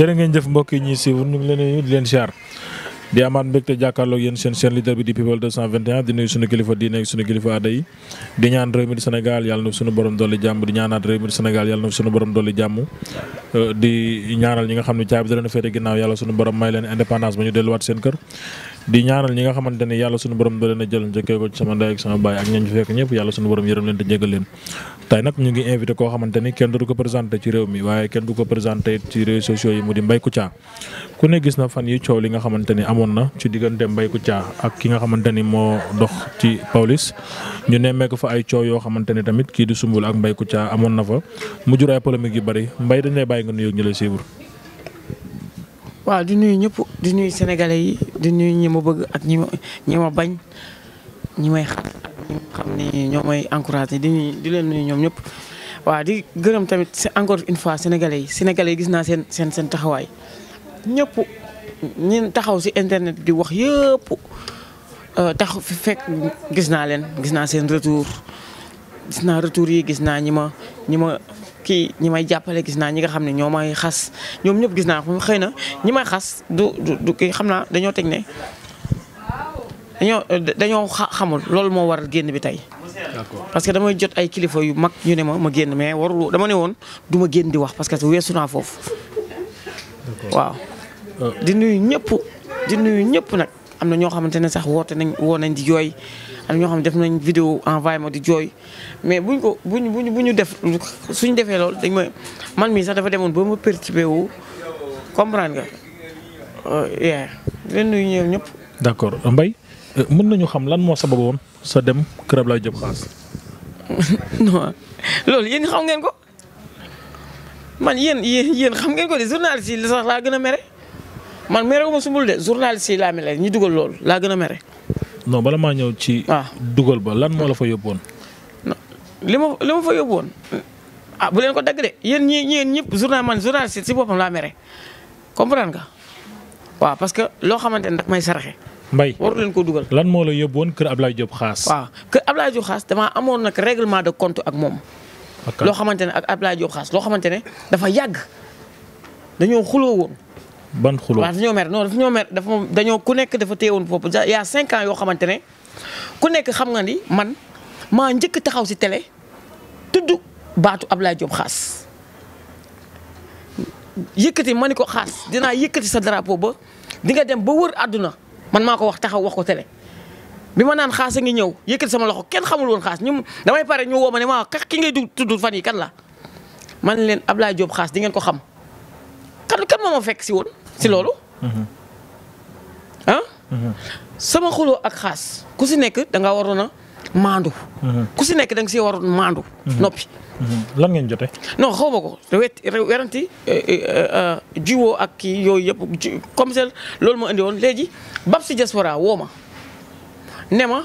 jërë ngeen jëf mbokk yi ñuy suivre ñu ngi leen nuyu di leen siyaar di amaat mbégte jàkkaarloog yéen seen seen leader bi di people 221 di nuyu suñu kilifa diine ak suñu kilifa aada yi di ñaan réew mi Sénégal yàlla na suñu borom dolli jàmm di ñaanaat réew mi di Sénégal jàmm euh, di ñaanal ñi nga xam ne caabi da leen féete ginnaaw yàlla suñu borom may leen indépendance ba ñu delluwaat seen kër di ñaanal ñi nga xamante ne yàlla borom da a jël njëkkee ko sama ndaay ak sama baay ak ñañ fekk taay nag ñu ngi invité koo xamante ni kenn du ko présenté ci réew mi waaye kenn du ko présenté ci réseaux sociaux yi mu di ku caa ku ne gis na fan yi coow li nga xamante ni amoon na ci diggante Mbaye caa ak ki nga xamante ni moo dox ci Pawlish ñu nemmeeku fa ay coow yoo xamante ni tamit kii di Sumbul ak Mbaye Kouthia amoon na fa mu jur ay polémique yu bari mbay dañ lay bàyyi nga nuyu ñu lay suivre. waaw di nuyu ñëpp di nuyu sénégalais yi di nuyu ñi ma bëgg ak ñi ñi ma bañ ñi nga xam ni ñoo may encouragé di di leen nuyu ñoom ñëpp waaw di gërëm tamit encore une fois sénégalais yi sénégalais gis naa seen seen seen taxawaay ñëpp ñi taxaw si internet di wax yëpp euh, tax fi fekk gis naa leen gis naa seen retour gis naa retour yi gis naa ñi ma ñi ma kii ñi may jàppale gis naa ñi nga xam ne ñoo may xas ñoom ñëpp gis naa xëy na ñi may xas du du kii xam naa dañoo teg ne dañoo dañoo xamul loolu moo waral génn bi tey. parce que damay jot ay kilifa yu mag ñu ne ma ma génn mais warul dama ne woon du ma génn di wax parce que weesu naa foofu. waaw euh. di nuyu ñëpp di nuyu ñëpp nag am na ñoo xamante ne sax woote nañ woo nañ di jooy am na ñoo xam ne def nañ vidéo envoyé ma di jooy mais buñ ko buñ buñ bu ñu def suñ defee lool dañ ma man mii sax dafa demoon ba ma perturbé wu comprendre nga. Euh, yeah di nuyu ñëpp. d'accord Mbaye euh, mën nañu xam lan moo sababoon sa dem kër Ablaye Diop Khass. non loolu yéen xam ngeen ko yéen yéen yéen xam ngeen ko de journaliste yi sax laa gën a mere man mere wu ma sumbul de journaliste yi laa mere ñu dugal loolu laa gën a mere. non bala maa ñëw ci. Ah. dugal ba lan moo la fa yóbbu woon. li ma li ma fa yóbbu woon ah bu leen ko dagg de yéen ñii ñeen ñëpp journal man journaliste si boppam laa mere comprendre nga waaw parce que loo xamante ne daf may saraxe. mbay waru leen koo dugal. lan moo la yóbbuwoon kër Ablaye Diop xaas. waaw kër Ablaye Diop xaas damaa amoon nag règlement de compte ak moom. loo xamante ne ak Ablaye Diop xaas loo xamante ne dafa yàgg dañoo xuloo woon. ban xuloo waaw dañoo mer non dafa ñoo mer dafa dañoo ku nekk dafa téyewoon woon y' a 5 ans yoo xamante ne ku nekk xam nga ni man maa njëkk taxaw si télé tudd baatu Ablaye Diop xaas yëkkati ma ni ko xaas dinaa yëkkati sa drapeau ba di nga dem ba wër àdduna. man maa ko wax taxaw wax ko télé bi ma naan xaas a ngi ñëw yëkkati sama loxo kenn xamul woon xaas ñu damay pare ñu woo ma ne ma ka ki ngay tudd fan yi kan la man leen ab Ablaye Diop xaas di ngeen ko xam kan kan moo ma fekk si woon si mm-hmm. loolu. Mm-hmm. Ah? Mm-hmm. sama xuloo ak xaas ku si nekk danga nga a maandu. Mhm. ku si nekk da nga si waroon maandu. Mhm. noppi. Mhm. lan ngeen jotee. non xaw ma ko wet weranti eh, eh, eh, jiwoo ak kii yooyu yëpp comme ça loolu ma indi woon léegi bab si diaspora woo ma ne ma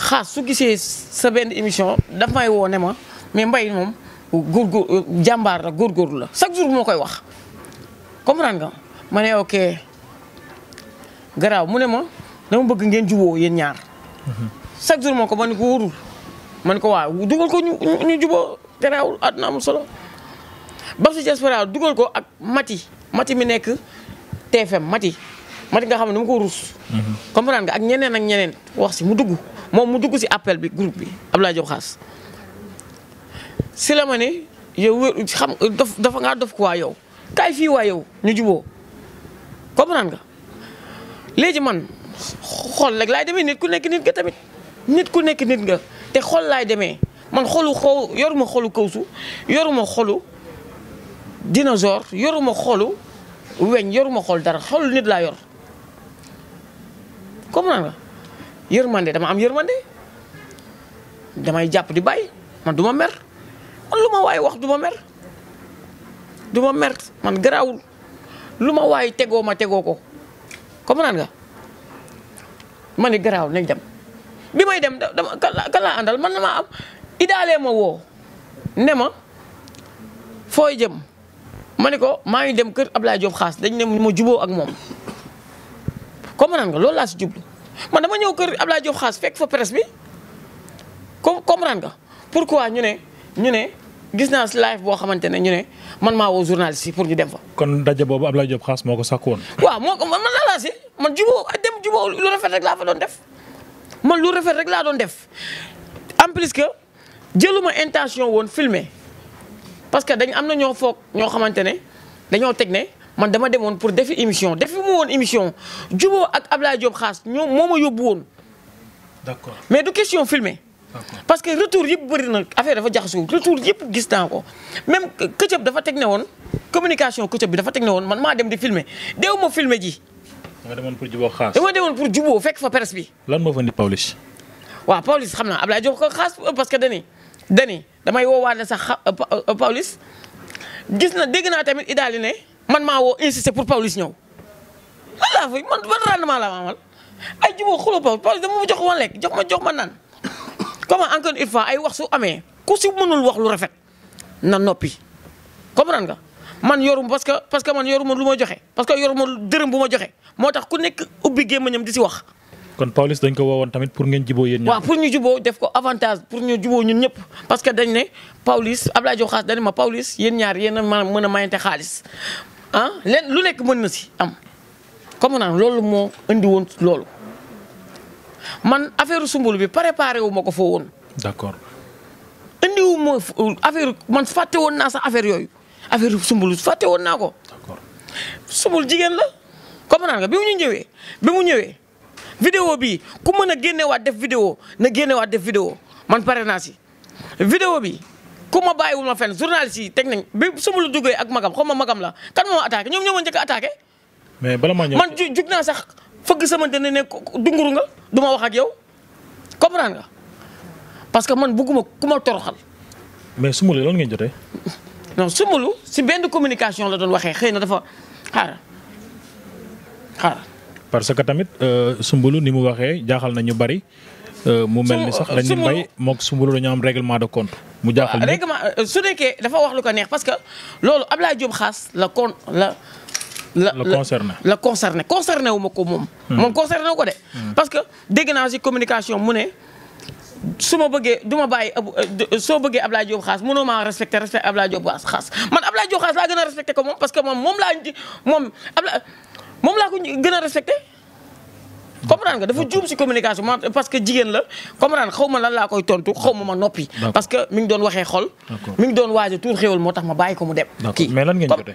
xaas su gisee sa benn émission daf may woo ne ma mais mbay moom góorgóor jàmbaar la góorgóorlu la chaque jour moo koy wax comprendre nga ma ne ok garaaw mu ne ma dama bëgg ngeen juboo yéen ñaar. chaque jour moo ko man ko wóorul man ko waa dugal ko ñu ñu jubóo garaawul àdduna amul solo Babs dugal ko ak Mati Mati mi nekk TFM Mati Mati nga xam ne nu mu ko ruus. Mhm. comprendre nga ak ñeneen ak ñeneen wax si mu dugg moom mu dugg si appel bi groupe bi Abdoulaye Diop joxaas si la ma ne yow xam dof dafa ngaa dof ko waa yow kaay fii waa yow ñu jubóo comprendre nga léegi man xool rek laay demee nit ku nekk nit nga tamit. nit ku nekk nit nga te xol laay demee man xolu xaw yoruma xolu kawsu yoruma xolu dinosaure yoruma xolu weñ yoruma xol dara xolu nit laa yor comprendre nga yërmande dama am yërmande damay jàpp di bàyyi man du ma mer man lu ma waay wax du ma mer du ma mer man garaawul lu ma waay tegoo ma tegoo ko comprendre nga man ni garaaw nañ dem bi may dem dama kan laa àndal man damaa am idaalee ma woo ne ma fooy jëm ma ne ko maa ngi dem kër Ablaye Diop xaas dañ ne ma juboo ak moom comprendre nga laa si jublu man dama ñëw kër Ablaye Diop xaas fekk fa presse bi comme comprendre nga pourquoi ñu ne ñu ne gis naa si live boo xamante ne ñu ne man maa woo journaliste yi ñu dem fa. kon daje boobu Ablaye Diop xaas moo ko sakku man man laa si man juboo dem juboo lu rafet rek laa fa doon def. man lu rafet rek laa doon def en plus que jëluma intention woon filmer parce que dañ am na ñoo foog ñoo xamante ne dañoo teg ne man dama demoon pour defi émission defi mu woon émission juboo ak Ablaye Diop xaas ñoo moo ma yóbbu woon. d'accord mais du question filmer. parce que retour yëpp bëri na affaire dafa jaxasoo retour yëpp gis naa ko même këcëb dafa teg ne woon communication këcëb bi dafa teg ne woon man maa dem di filmer deewu ma filmer ji. nga demoon pour jubóo xaas. dama demoon pour jubóo fekk fa presse bi. lan moo fa xam naa Ablaye jox ko parce que dani dani damay woowaale sax xa euh, euh, Pawlish gis na dégg naa tamit idaali ne man maa woo insisté pour Pawlish ñëw lan laa fay man ban rendement la ma amal ay jubóo xuloo Pawlish dama jox ma lekk jox naan comment encore une fois ay wax su amee ku si mënul wax lu rafet na noppi comprendre nga. man yorum parce que parce que man yoruma lu ma joxe parce que yoruma dërëm bu ma joxe moo tax ku nekk ubbi gémmiñam di si wax. kon Pawlish dañ ko woon tamit pour ngeen juboo yéen ñëpp. waaw pour ñu juboo def ko avantage ñu juboo ñun ñëpp parce que dañ ne Pawlish Abdoulaye Diop Khass dañ ma Pawlish yéen ñaar yéen a mën a mayante xaalis ah leen lu nekk mën na si am. comme naan loolu moo indi woon loolu man affaire sumbul bi préparé wu ma ko foo woon. d'accord. indi wu ma affaire man fàtte woon naa sax affaire yooyu. affaire sumbul fàtte woon naa ko. sumbul jigéen la. comprendre nga bi mu ñu ñëwee bi mu ñëwee. vidéo bi ku mën a génneewaat def vidéo na génneewaat def vidéo man pare naa si. vidéo bi ku ma bàyyiwul ma fen journaliste yi teg nañ bi sumbul duggee ak magam xaw ma magam la kan moo attaqué ñoom ñoo ma njëkk a attaqué. mais bala ma ñëw man jug naa sax fëgg sama dana ne dunguru nga du wax ak yow comprendre nga parce que man bëgguma ku ma toroxal. mais sumbul loolu ngeen jotee. non Soumboulou si benn communication la doon waxee xëy na dafa xaaral parce que tamit euh, Soumboulou ni mu waxee jaaxal na ñu bari. Euh, mu mel ni sax dañuy mbay mook Soumboulou dañoo am réglement de compte. mu jaaxal ñu règlement euh, su nekkee dafa wax lu ko neex parce que loolu Ablaye Diop xaas la kon la. la la concerné la concerné concerné wu ma ko moom. Hmm. moom concerné wu ko de. Hmm. parce que dégg naa si communication mu ne. su ma bëggee du ma bàyyi euh, soo bëggee Ablaye Diop xaas mënoo maa respecté respecté Ablaye Diop xaas man Ablaye Diop xaas laa gën a respecté ko moom parce que moom moom laa moom Ablaye moom laa ko gën a respecté. comprendre nga dafa juum si communication parce que jigéen la comprendre xaw ma lan laa koy tontu xaw ma ma noppi. parce que mi ngi doon waxee xol. mi ngi doon waaj a tuur xéwal moo tax ma bàyyi ko mu dem. kii mais lan ngeen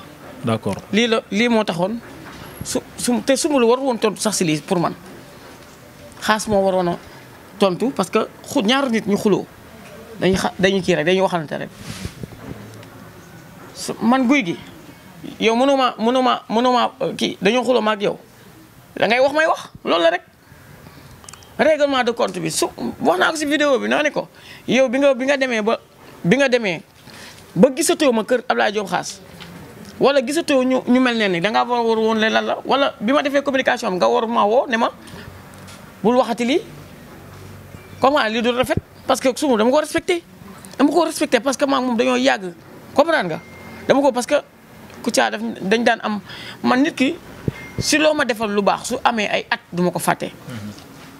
d'accord lii la lii moo taxoon su su te Soumboulou war woon tontu sax si lii pour man xaas moo waroon a tontu parce que xu ñaar nit ñu xuloo dañuy xa dañu kii rek dañuy waxalante rek man guy gi yow mënuma mënuma mënuma euh, kii dañoo xuloo ma ak yow da ngay wax may wax loolu la rek. règlement de compte bi su wax naa ko si vidéo bi naa ne ko yow bi nga bi nga demee ba bi nga demee ba gisatoo ma kër Abdoulaye Xaas. wala gisatoo ñu ñu mel ne ni dangaa war war woon leen lan la wala bi ma defee communication am nga war ma woo ne ma bul waxati lii comment lii du rafet parce que sumu dama ko respecté dama ko respecté parce que maa moom dañoo yàgg comprendre nga dama ko parce que Kouthia daf dañ daan am man nit ki si loo ma defal lu baax su amee ay at duma ko fàtte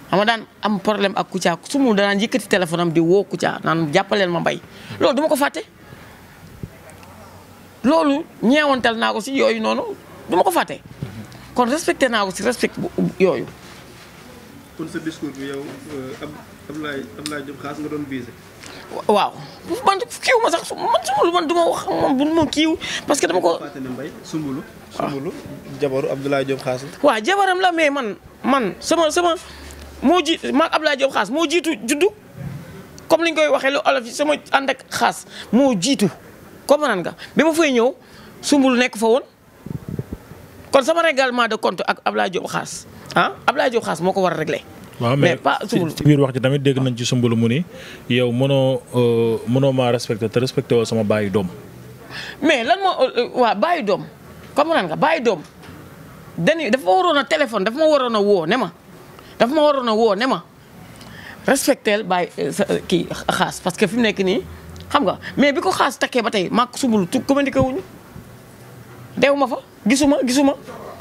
xam mm-hmm. nga daan am problème ak Kouthia su mu danaan yëkkati téléphone am di woo Kouthia naan jàppaleen ma mbay loolu du ko fàtte loolu ñeewantal naa ko si yooyu noonu du ko fàtte kon respecté naa ko si respect yooyu. kon sa discours bi yow euh, Abdoulaye Abdoulaye nga doon visé. waaw man kiiw ma sax man sumbulu man du wax moom bu ma kiiw parce que dama ko. fàtte ne Mbaye sumbulu. waaw ah. sumbulu jabaru Abdoulaye Diop Khass la. waaw jabaram la mais man man sama sama moo ji maag Abdoulaye Diop xaas moo jiitu juddu comme li ñu koy waxee lu olof sama ànd ak Khass moo jiitu. comprendre nga bi ma fay ñëw sumbul nekk fa woon kon sama règlement de compte ak Ablaye Diop xaas ab ah, Ablaye Diop xaas moo ko war a régler. waaw mais ci biir wax ji tamit dégg nañ ci sumbulu mu ni yow mënoo euh, mënoo maa respecté te respecté woo sama baayu doom. mais lan moo euh, waa baayu doom comprendre nga baayu doom dañuy waroon a téléphone dafa ma waroon a woo ne ma dafa ma waroon a woo ma respecté baay euh, kii xaas parce que fi mu nekk nii. xam nga mais bi ko xaas takkee ba tey maak subul tu communiqué wuñu deew ma fa gisuma gisuma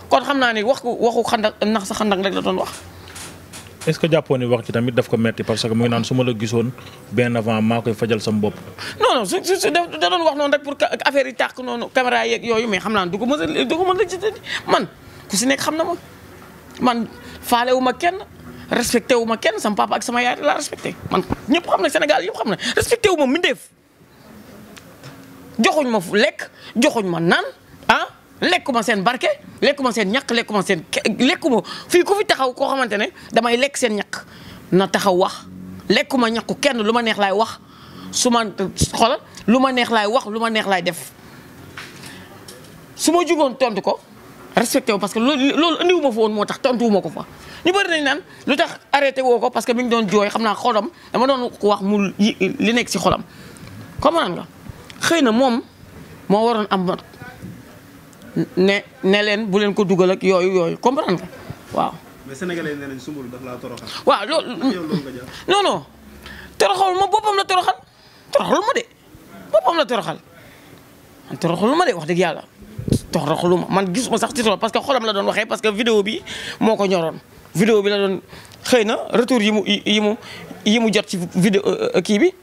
kon xam naa ne wax waxu xandak nax sa xandak rek la doon wax. est-ce que jàppoo ni wax ci tamit daf ko metti parce que mu ngi naan su ma la gisoon bien avant maa koy fajal sama bopp. non non su su da doon wax noonu rek pour affaire yi tàq noonu caméra yeeg yooyu mais xam naa du ko a du ko mën a man ku si nekk xam na ma man faale ma kenn respecté wu ma kenn sama papa ak sama yaay laa respecté man ñëpp xam na Sénégal yëpp xam na respecté ma mbindeef joxuñ ma fu lekk joxuñ ma naan ah lekkuma seen barke lekkuma seen ñàkk lekkuma seen lekkuma fii ku fi taxaw koo xamante ne damay lekk seen ñàkk na taxaw wax lekkuma ñàkku kenn lu ma neex laay wax su ma xoolal lu ma neex laay wax lu ma neex laay def su ma jugoon tontu ko respecté wu parce que loolu loolu andiwu ma fa woon moo tax tontuwuma ko fa ñu bëri nañ naan lu tax arrêté woo ko parce que mi ngi doon jooy xam naa xolam dama doon wax mu li nekk si xolam comprendre nga xëy na moom moo waroon am ne leen bu leen ko dugal ak yooyu yooyu comprendre nga waaw. mais sénégalais nee nañ Soumboulou daf laa toroxal. waaw ma boppam la toroxal toroxalu ma de boppam la toroxal man toroxalu ma de wax dëgg yàlla toroxalu ma man gisuma sax ci torox parce que xolam la doon waxee parce que vidéo bi moo ko ñoroon. vidéo bi la doon xëy na retour yi mu yi mu jot ci vidéo euh, euh, kii bi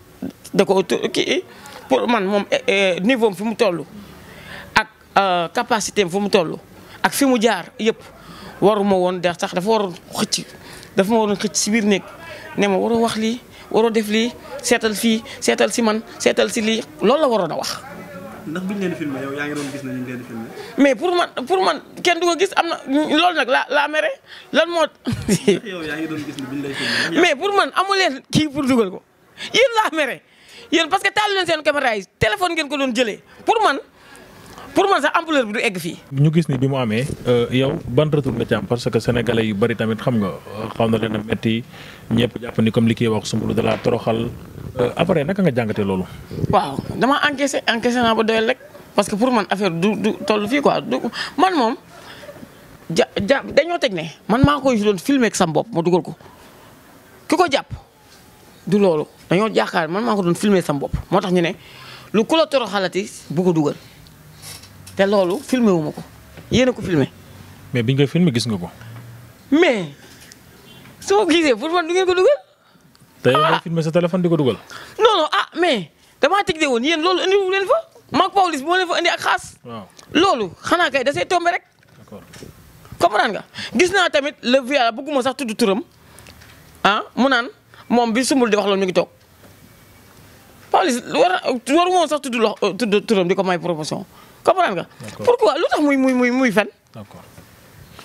da ko kii. pour man moom eh, eh, niveau fi mu toll ak euh, capacité am fi mu toll ak fi mu jaar yëpp waruma woon der sax dafa waroon xëcc dafa ma waroon xëcc si biir néeg ne ma waroo wax lii waroo def lii seetal fii seetal si man seetal si lii loolu la waroon a wax. ndax biñ leen yaa ngi doon gis nañ leen mais pour man pour man kenn du ko gis am na loolu nag la la mere lan moo. yow yaa ngi doon mais pour man amu leen kii pour dugal ko yéen laa mere. yéen parce que taal leen seen caméra yi téléphone ngeen ko doon jëlee pour man pour man sax ampleur bi du egg fii. ñu gis ni bi mu amee euh, yow ban retour nga ci am parce que sénégalais yu bari tamit xam nga euh, xaw na leen a metti ñëpp jàpp ni comme li kii wax Soumboulou dala toroxal euh, après naka nga jàngatee loolu. waaw dama encaissé encaissé naa ba doyal rek parce que pour man affaire du du toll fii quoi du man moom ja ja dañoo teg ne man maa koy doon filmer sam bopp ma dugal ko ki ko jàpp. du loolu dañoo jàkkaar man maa ko doon filmer sama bopp moo tax ñu ne lu ku la toroxalati bu ko dugal te loolu filmer wu ma ko yéen ko filmer mais biñ koy filmer gis nga ko. mais su ma gisee pour man du ngeen ko dugal. tey ah! sa téléphone di ko dugal. non ah mais damaa tëj de woon yéen loolu indi wu leen fa maag Pawlish moo leen fa indi ak xaas. loolu xanaa kay da see rek. d'accord comprendre gis naa tamit le vial bëgguma sax tudd turam ah mu naan. moom bi sumbul di wax loolu mi ngi toog Pawlish war waru woon sax tudd lox euh, tudd turam di ko may promotion comprendre nga. pourquoi lu tax muy muy muy muy fen. d'accord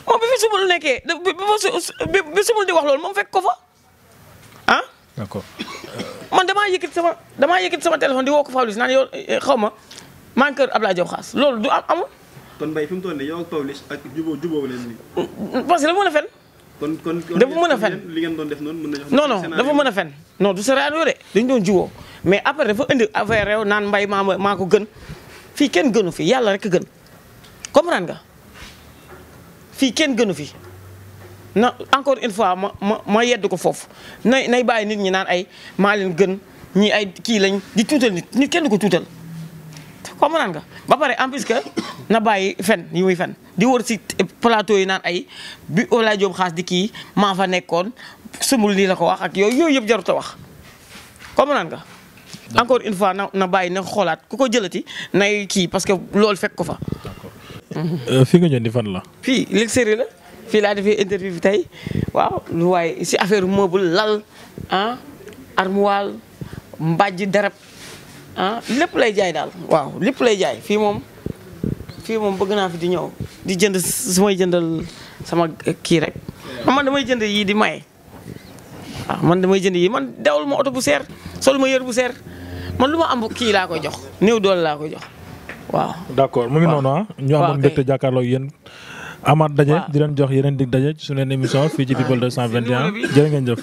moom bi fi sumbul nekkee wax loolu moom fekk ko fa ah. d'accord man damaa yëkkati sama damaa yëkkati sama téléphone di woo ko naan yow eh, xaw ma maa ngi kër Abdoulaye Diop Khass loolu du am amul. kon Mbaye fi mu toll nii yow ak leen nii. parce la mën a fen. kon kon dafa mën a fen li doon def noonu mën na non non dafa mën a fen non du scénario de dañu doon jiwoo mais après dafa indi affaire réew naan mbay maa maa ko gën fii kenn gënu fi yàlla rek gën comprendre nga fii kenn gënu fi na encore une fois ma ma ma yedd ko foofu nay nay bàyyi nit ñi naan ay maa leen gën ñi ay kii lañ di tuutal nit nit kenn ko tuutal comprendre nga ba pare en plus que na bàyyi fen yi muy fen di wër si plateau yi naan ay bi Ola Diop xaas di kii maa fa nekkoon sumul lii la ko wax ak yow yooyu yëpp jarut a wax comprendre encore une fois na na bàyyi na xoolaat ku ko jëlati nay kii parce que loolu fekk ko fa. Euh, fi nga ñëw di fan la. fii léegi série la fii laa defee interview bi tey waaw lu waaye si affaire meuble lal ah armoire mbàjj darab. ah lépp lay jaay daal waaw lépp lay jaay fii moom fii moom bëgg naa fi di ñëw di jënd su may jëndal sama kii rek man damay jënd yii di maye waaw ah, man damay jënd yii man dawul ma oto bu seer sol ma yër bu seer man lu ma am kii laa koy jox néew doole laa koy jox waaw. d'accord mu ngi noonu ah. ñu amoon mbégte jàkkaarloo yéen. amaat daje di leen jox yeneen dig daje ci suñu émission fii ci People 221 ah. jërë ngeen jëf.